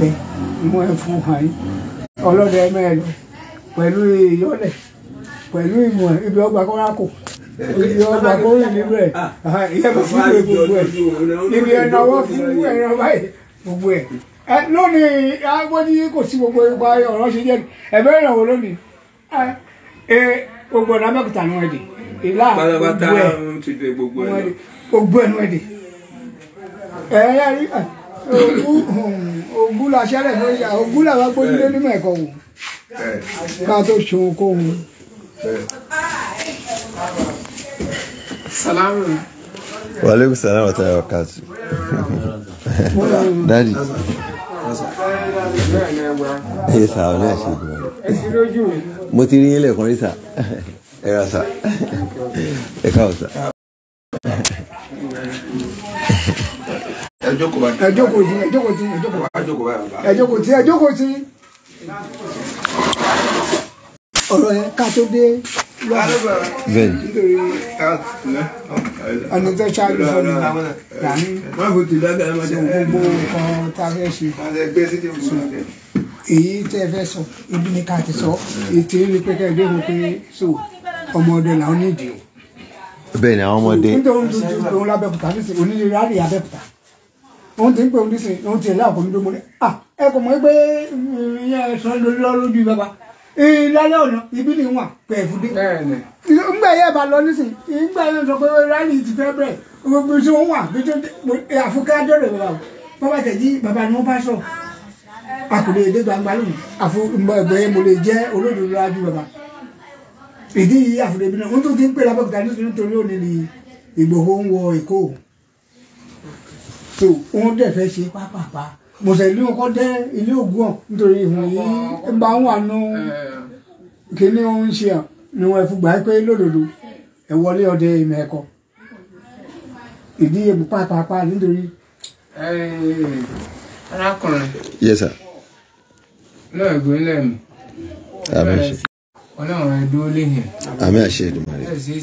bẹ mú ẹ fún hàn yín ọlọ́dẹ mẹ́ẹ̀ lọ pẹ̀lú ìyọ́lẹ̀ pẹ̀lú ìmọ̀ ibi ọgbà kọ́ra kò ibi ọgbà kó rìn nínú ẹ̀ ìyẹn bá fún ìwé gbogbo ẹ̀ e ibi ẹ̀nàwọ́ fún ẹ̀ràn báyìí gbogbo ẹ̀ e ẹ lónìí agbọ́dí kò sí gbogbo ipa ọ̀rọ̀ ṣe jẹ́ ẹ̀bẹ́ ìrànwọ́ lónìí ẹ gbogbo ọ̀nà mẹ́kìtà ni wọ́n di ìlà gbogbo ẹ̀ gbogbo ẹ̀ ni wọ́n di ẹ̀yà rí ogún la ṣẹlẹ̀ ló yà ogún làwọn agbóyúndé nínú ẹ̀kọ́ wò ká tó ṣòwò kó wọn. salamu. waaleykum salaam wa rahmatulahi wa barakatuh. dadi. ẹ sà ọ náà ṣe gbọ́n. mo ti rí yín lẹ́ẹ̀kan rí sà ẹ ra sà ẹ káwọ sà ẹ jókòó báyìí ẹ jókòó tí ẹ jókòó tí ẹ jókòó báyìí ẹ jókòó tí ẹ jókòó tí. ọ̀rọ̀ yẹn ká tó dé lọ́wọ́ nítorí ẹni tó ṣáájú fún mi là ń sọ gbogbo nǹkan tá a fẹ́ ṣe èyí tẹ́ ẹ fẹ́ sọ ibi ni ká ti sọ ètò ìrí pé kẹ́ ẹ dé wọ́n pé so ọmọ ọdẹ làwọn nídìí o. bẹ́ẹ̀ ni àwọn ọmọdé. nítorí ojú òun lábẹ́kúta nísìnyí onílé rárẹ̀ abẹ́kúta òun ti ń pè òun nísìnyí òun ti ẹ̀ láàbò mi ló mo ní ẹ kò mọ̀ pé mm, ẹ̀sán lójú bàbá lálẹ́ ọ̀nà ibi ni wà pẹ̀fú dé ngbà yẹ bá lọ nísìnyí ngbà yẹ sọ pé rálì ti fẹ́ bẹ̀rẹ̀ gbogbo tí wọ́n wà bí tó rẹ̀ bàbá bàbá tẹ̀jí bàbá ni wọ́n bá sọ àkùdé èdè gbangba lónìí àfu ẹgbẹ́ mo lè jẹ́ olódodo lájú bàbá ìdí yìí àfùdébí náà wọ́n tún ti ń pè lábọ́kìtà nítorí òní ni Ìgbòho ń wọ Èkó so òun dẹ̀ fẹ́ ṣe pápápá bọ̀sẹ̀ ilé wọn kọ́ dẹ́ ilé ògùn ọ̀ nítorí ìwọ̀n yìí ń bá wà nù kíní òun ṣe hàn ni wọn fún pé lódodo ẹ wọlé ọdẹ ìmọ̀ ẹ̀kọ́ ìdíyẹ pápápá nítorí. arákùnrin. yes sir. lọ́ọ̀gbìn lẹ́nu. àmín ṣe. ọlọ́run ẹ dúró léyìn. àmín àṣẹ Èdùmàrè. ẹ ṣe é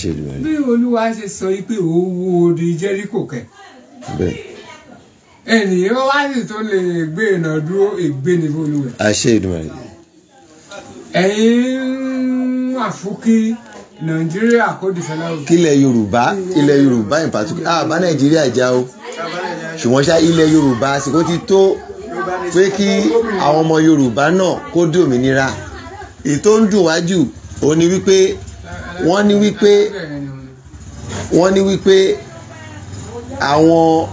ṣe fún bí olúwa ṣe sọ pé òun wo odi Jẹ́ríkò kẹ́ ènìyàn wá sì tó lè gbé ìnàdúró ègbé ní olùwẹ̀. àṣẹ ìdùnnú rẹ. ẹ̀yin wà fún kí nàìjíríà kó di fẹlẹ́rù. kílẹ̀ yorùbá ilẹ̀ yorùbá in particular àbá nàìjíríà já o ṣùgbọ́n ṣá ilẹ̀ yorùbá àsìkò ti tó pé kí àwọn ọmọ yorùbá náà kó di òmìnira ètò ń dùn wájú òun ni wípé wọ́n ní wípé wọ́n ní wípé àwọn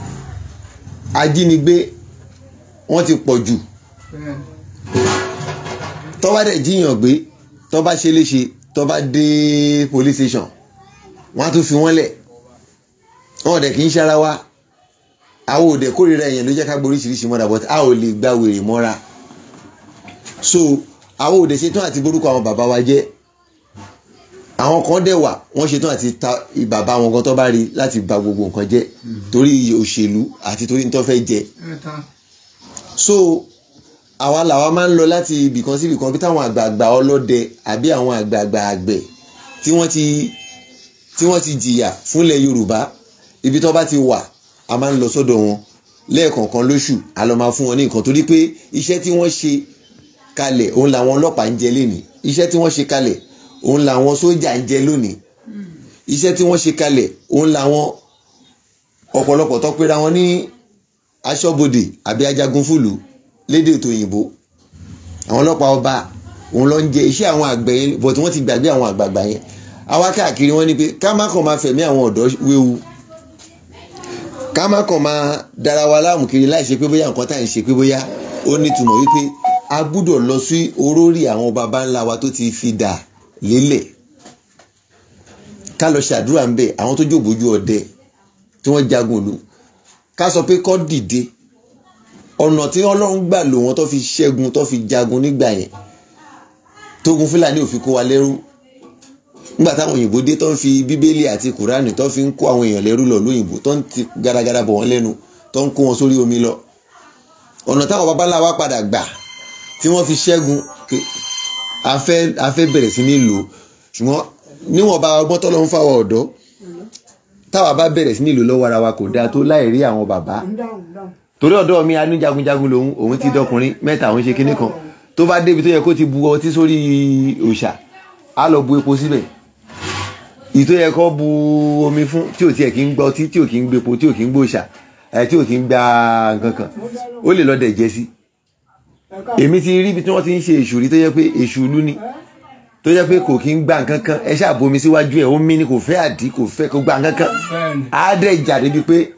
ajínigbé wọ́n ti pọ̀ jù tó bá dẹ̀ jíyàn gbé tó bá ṣe léṣe tó bá dé police station wọ́n á tún fi wọ́n lẹ̀ wọ́n dẹ̀ kì í ṣe ara wa àwọn òde kórìíra èèyàn ló jẹ́ ká gboríṣiríṣi mọ́ra but a ò lè gba wèrè mọ́ra so àwọn òde ṣetán àti borúkọ àwọn bàbá wa jẹ́ àwọn kan dẹ̀ wà wọ́n ṣetán àti ta bàbá wọn gan tó bá rí láti ba gbogbo nǹkan jẹ́ torí òṣèlú àti torí tó fẹ́ jẹ. so àwa làwa máa ń lọ láti ibìkan sí ibìkan bí táwọn àgbààgbà ọlọ́dẹ àbí àwọn àgbààgbà àgbẹ̀ tí wọ́n ti tí wọ́n ti jìyà fúnlẹ̀ Yorùbá ibi tó bá ti wà a máa ń lọ sọ́dọ̀ wọn lẹ́ẹ̀kọ̀ọ̀kan lóṣù a lọ máa fún wọn ní nǹkan torí pé iṣẹ́ tí wọ́n ṣe kalẹ̀ òun làwọn ọlọ́pàá ń jẹ lénìí iṣẹ́ tí wọ́n ṣe kalẹ̀ òun làwọn sójà ń jẹ lónìí iṣẹ́ tí wọ́n ṣe kalẹ̀ òun làwọn ọ̀pọ̀lọpọ̀ tó pera wọn ní aṣọ́bodè àbí ajagun fúlù lédè ètò òyìnbó àwọn ọlọ́pàá ọba òun ló ń jẹ iṣẹ́ àwọn àgbẹ̀ yẹn bọ̀tí wọ́n ti gbàgbé àwọn àgbààgbà yẹn àwa káàkiri wọn ni pé ká má kàn máa fẹ̀mí àwọn ọ̀dọ́ wéwu ká má kàn máa dara wa láàmú kiri láì pé bóyá nǹkan tá à ń ṣe pé bóyá ó nítumọ̀ wípé a gbúdọ̀ lọ sí orórì àwọn baba ńlá wa tó ti fi dà lélẹ̀ ká lọ ṣàdúrà ń bẹ̀ àwọn tó jòbójú ọdẹ tí wọ́n jagun òlu ká sọ pé kọ́ dìde ọ̀nà tí ọlọ́run gbà lò wọ́n tó fi ṣẹ́gun tó fi jagun nígbà yẹn tógun fúlàní ò fi kó wa lẹ́rú nígbà táwọn òyìnbó dé tó ń fi bíbélì àti kùránì tó fi ń kó àwọn èèyàn lẹ́rú lọ lóyìnbó tó ń ti garagara bọ̀ wọ́n lẹ́nu tó ń kó wọn sórí omi lọ ọ̀nà táwọn babaláwa padà gbà tí wọ́n fi ṣẹ́gun a fẹ́ a fẹ́ bẹ̀rẹ̀ sí ní lò ṣùgbọ́n níwọ̀nba ọgbọ́n tọ́lọ́ ń fáwọn ọ̀dọ́ táwa bá bẹ̀rẹ̀ sí ní lò lọ́wọ́ ara wa kò dáa tó láì rí àwọn bàbá torí ọ̀dọ́ mi anú jagunjagun lòun òun ti dọkùnrin mẹ́ta òun ṣe kinní kan tó bá débi tó yẹ kó ti bu ọtí sórí òòṣà á lọ bu epo síbẹ̀ ìtò yẹ kó bu omi fún tí ò tiẹ̀ kí ń gbọ́ ọtí tí ò kí ń gbépo tí ò kí ń gbòòṣà tí ò kí ń gba nǹkan kan ó lè lọ dẹ̀ jẹ́ sí èmi ti rí ibi tí wọ́n ti ń ṣe èṣù rí tó yẹ pé èṣù ìlú ni tó yẹ pé kò kí ń gbà nǹkan kan ẹ ṣáà bomi síwájú ẹ ó mí ni kò fẹ́ àdí kò fẹ́ kó gbà nǹkan kan á dẹ̀ ìjà débi pé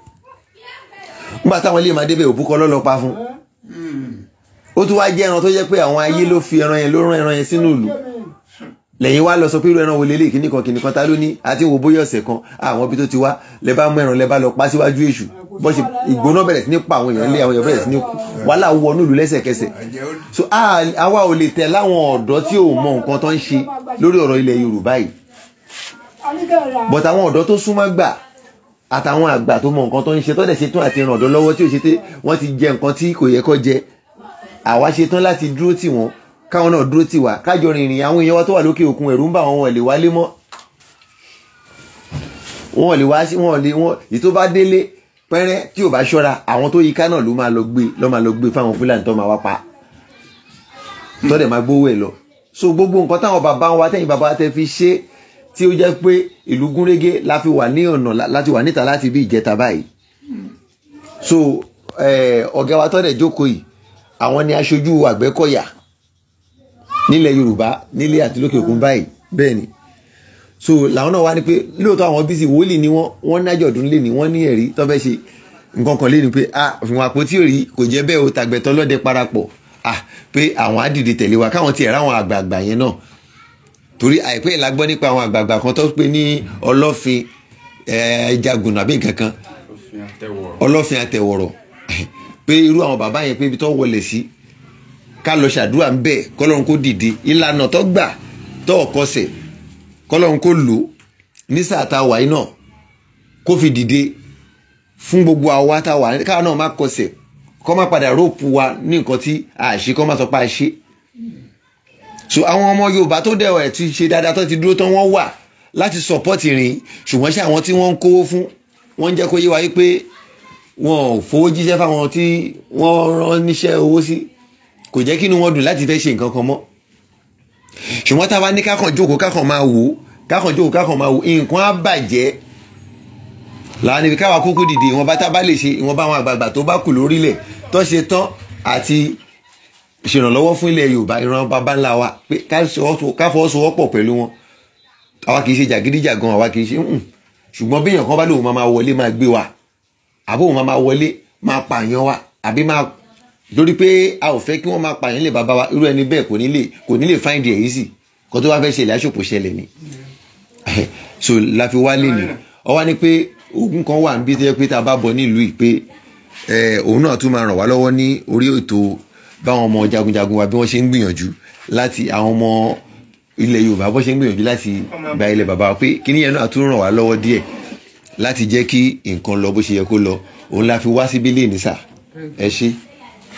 nígbà táwọn ilé máa débẹ̀ òbúkọ lọ́lọ́pàá fún hmm. ó tún wáá jẹ́ ẹran tó yẹ pé àwọn ayé ló fi ẹran yẹn ló rán ẹran yẹn sínú ìlú lẹ́yìn wá lọ sọ pé irú ẹran wo lélẹ̀ kíníkan kíníkan ta ló ní àti wò bóyá ọ̀sẹ̀ kan àwọn ibi tó ti wá lẹ bá mú ẹran lẹ bá lọ pa síwájú èṣù bọ́n ṣe ìgbóná bẹ̀rẹ̀ sí ní pa àwọn èèyàn lé àwọn èèyàn bẹ̀rẹ̀ sí ní kú wàhálà wọnú ìlú lẹ́sẹ̀kẹsẹ̀ so àwa ò lè tẹ̀ láwọn ọ̀dọ́ tí ò mọ nǹkan tó ń ṣe lórí ọ̀rọ̀ ilẹ̀ Yorùbá yìí but àwọn ọ̀dọ́ tó súnmọ́ gbà àtàwọn àgbà tó mọ nǹkan tó ń ṣe tó dẹ̀ ṣetán àti ràn ọ̀dọ́ lọ́wọ́ tí ò ṣe tẹ́ wọ́n ti jẹ nǹkan tí kò yẹ kó jẹ àwa ṣetán láti dúró tì wọ́n káwọn náà dúró tì wá kájọ rìnrìn àwọn èèyàn wa tó wà lókè òkun ẹ̀rù ń bà wọn wọn lè wálé mọ́ wọn lè wá sí wọn lè wọn èyí bá délé pẹ́rẹ́ tí ò bá ṣọ́ra àwọn tó yíká náà ló máa lọ gbé lọ́ máa lọ gbé fáwọn fúlàní tó máa wá pa tọ́dẹ̀ máa gbówó ẹ̀ lọ so gbogbo nǹkan táwọn bàbá wa tẹ̀yìn bàbá tẹ fi ṣe tí ó jẹ́ pé ìlú gúnrégé la fi wà ní ọ̀nà láti wà níta láti bí ìjẹta báyìí so ọ̀gá wa tọ́dẹ̀ jókòó yìí àwọn ni aṣojú àgbẹ̀kọ̀yà nílẹ̀ yorùbá nílẹ̀ àti lókè òkun báyìí bẹ́ẹ̀ ni so làwọn náà wá ní pé lóòótọ́ àwọn bísí wòlíì ni wọ́n wọ́n nájọ̀dún lè ní wọ́n ní ẹ̀rí tó fẹ́ ṣe nǹkan kan lé ní pé ah òfin àpótí òrí kò jẹ́ bẹ́ẹ̀ o tàgbẹ̀tọ́ lọ́dẹ parapọ̀ ah pé àwọn á dìde tẹ̀lé wa káwọn tiẹ̀ ráwọn àgbààgbà yẹn náà torí àìpẹ́ ìlà gbọ́ nípa àwọn àgbààgbà kan tó pé ní ọlọ́fin jagunà bí nǹkan kan ọlọ́fin àtẹ̀wọ̀rọ̀ pé irú àwọn bàbá yẹn pé ibi tó wọlé sí ká lọ ṣàdúrà ń bẹ̀ kọ́lọ́run kó dìde ìlànà tó gbà tó ọ̀kọ́sẹ̀ kọ́lọ́hún kó lò ní sáà tá a wà náà kó fi dìde fún gbogbo àwa tá a wà káwa náà má kọsẹ̀ kọ́ má padà róòpù wa ní nǹkan tí a ṣe kọ́ má sọ pé a so àwọn ọmọ Yorùbá tó dẹ̀ ẹ̀ ti ṣe dáadáa tó ti dúró tán wọ́n wà láti support ìrìn ṣùgbọ́n ṣé àwọn tí wọ́n ń kówó fún wọ́n ń jẹ́ kó yé wa yí pé wọn ò fowó jíṣẹ́ fáwọn tí wọ́n rán níṣẹ́ owó sí kò jẹ́ kí inú wọn dùn láti fẹ́ ṣe nǹkan kan mọ́ ṣùgbọ́n tá a bá ní kákan jókòó kákan máa wò kákan jókòó kákan máa wò nǹkan á bàjẹ́ làwọn níbi káwa kúkú dìde ìwọ̀nba tá a bá lè ṣe ìwọ̀nba àwọn àgbààgbà tó bá kù lórílẹ̀ tó ṣe tán àti ṣèrànlọ́wọ́ fún ilẹ̀ Yorùbá ìran bàbá ńlá wa pé káfọwọ́sowọ́pọ̀ pẹ̀lú wọn àwa kì í ṣe jàgídíjàgan àwa kì í ṣe hmm. ṣùgbọ́n bí èèyàn kan bá lóun máa wọlé máa gbé wa àbóun máa wọlé máa pààyàn wa àbí máa lórí pé a ò fẹ́ kí wọ́n máa pààyàn lè bàbá wa irú ẹni bẹ́ẹ̀ kò ní lè kò ní lè find it easy kó tó wá fẹ́ ṣe ilé aṣòpò ṣẹlẹ̀ ni so la fi wá lè ní ọ wá ní pé ogun kan wà níbi tó yẹ pé tá a bá bọ̀ nílùú yìí pé òun náà tún máa ràn wá lọ́wọ́ ní orí ètò báwọn ọmọ jagunjagun wa bí wọ́n ṣe ń gbìyànjú láti àwọn ọmọ ilẹ̀ Yorùbá bó ṣe ń gbìyànjú láti gba ilẹ̀ bàbá wa pé kíní yẹn náà tún ràn wá lọ́wọ́ díẹ̀ láti jẹ́ kí nǹkan lọ bó ṣe yẹ kó lọ òun la fi wá síbí lè ní sà ẹ ṣé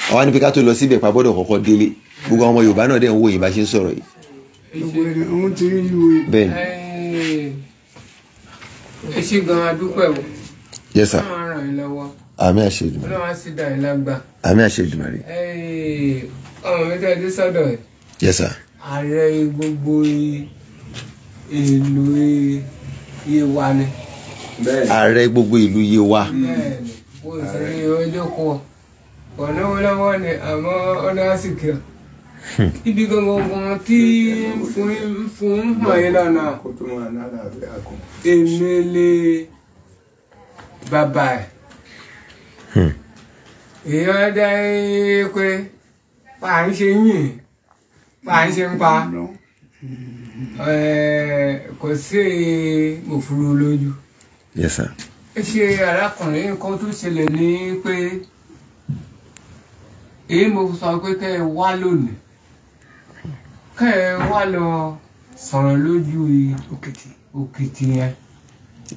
àwọn níbi ká tó lọ síbẹ̀ pa gbọ́dọ̀ kọ́kọ́ délé gbogbo àwọn ọmọ Yorùbá náà dẹ̀ ń wo yìí bá ṣe ń sọ̀rọ̀ yìí. bẹ́ẹ̀ni. ẹ ṣe gan adúpẹ́ o. yẹ sà. àmì àṣẹ Èdùmàrè. ọlọ́run á sì dà yín lágbà. àmì àṣẹ Èdùmàrè. ọmọ mi tẹ́ ẹ dé sọ́dọ̀ ẹ̀. yẹ sà. ààrẹ gbogbo ìlú Yewa ni. ààrẹ gbogbo ìlú Yewa. bẹ́ẹ̀ni o sì ní ojú kọ ọ̀nàwó hmm. hmm. eh, lọ́wọ́ ni àmọ́ ọ̀nà àsìkò ibi gangan tí fún fún mọ̀yẹ́ lọ́nà èmi lè bàbá ẹ̀ èèyàn dá pé à ń ṣe yìn à ń ṣe ń pa kò sí òfurufú lójú. ẹ ṣe arákùnrin nǹkan tó ṣẹlẹ̀ ní pé èyí mo sọ pé kẹ́ ẹ wá lónìí kẹ́ ẹ wá lọ sọ̀rọ̀ lójú òkìtì yẹn.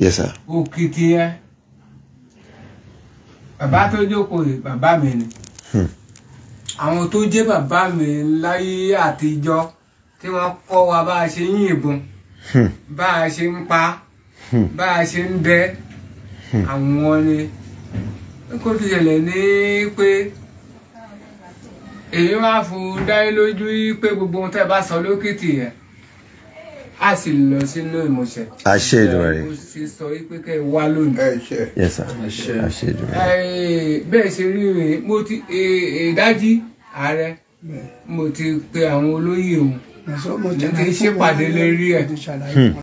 yes sir. òkìtì yẹn bàbá tó jókòó yìí bàbá mi ni hmm. àwọn tó jẹ́ bàbá mi láyé àtijọ́ tí wọ́n kọ́ wa bá a ṣe ń yìnbọn hmm. bá a ṣe ń pa hmm. bá a ṣe ń dẹ àwọn ni kó fi ṣẹlẹ̀ ní pé èyí wá fún dáyé lójú pé gbogbo ohun tẹ́ bá sọ lókìtì yẹn a sì lọ sínú ìmúṣẹ. àṣẹ Èdùmàrè. ó ṣe sọ pé kẹ́ ẹ wá lónìí. yes sir àṣẹ Èdùmàrè. bẹ́ẹ̀ ṣe rí mi mo ti e, ìdájí ààrẹ mo ti pe àwọn olóyè òun mo ti ṣèpàdé lérí ẹ̀.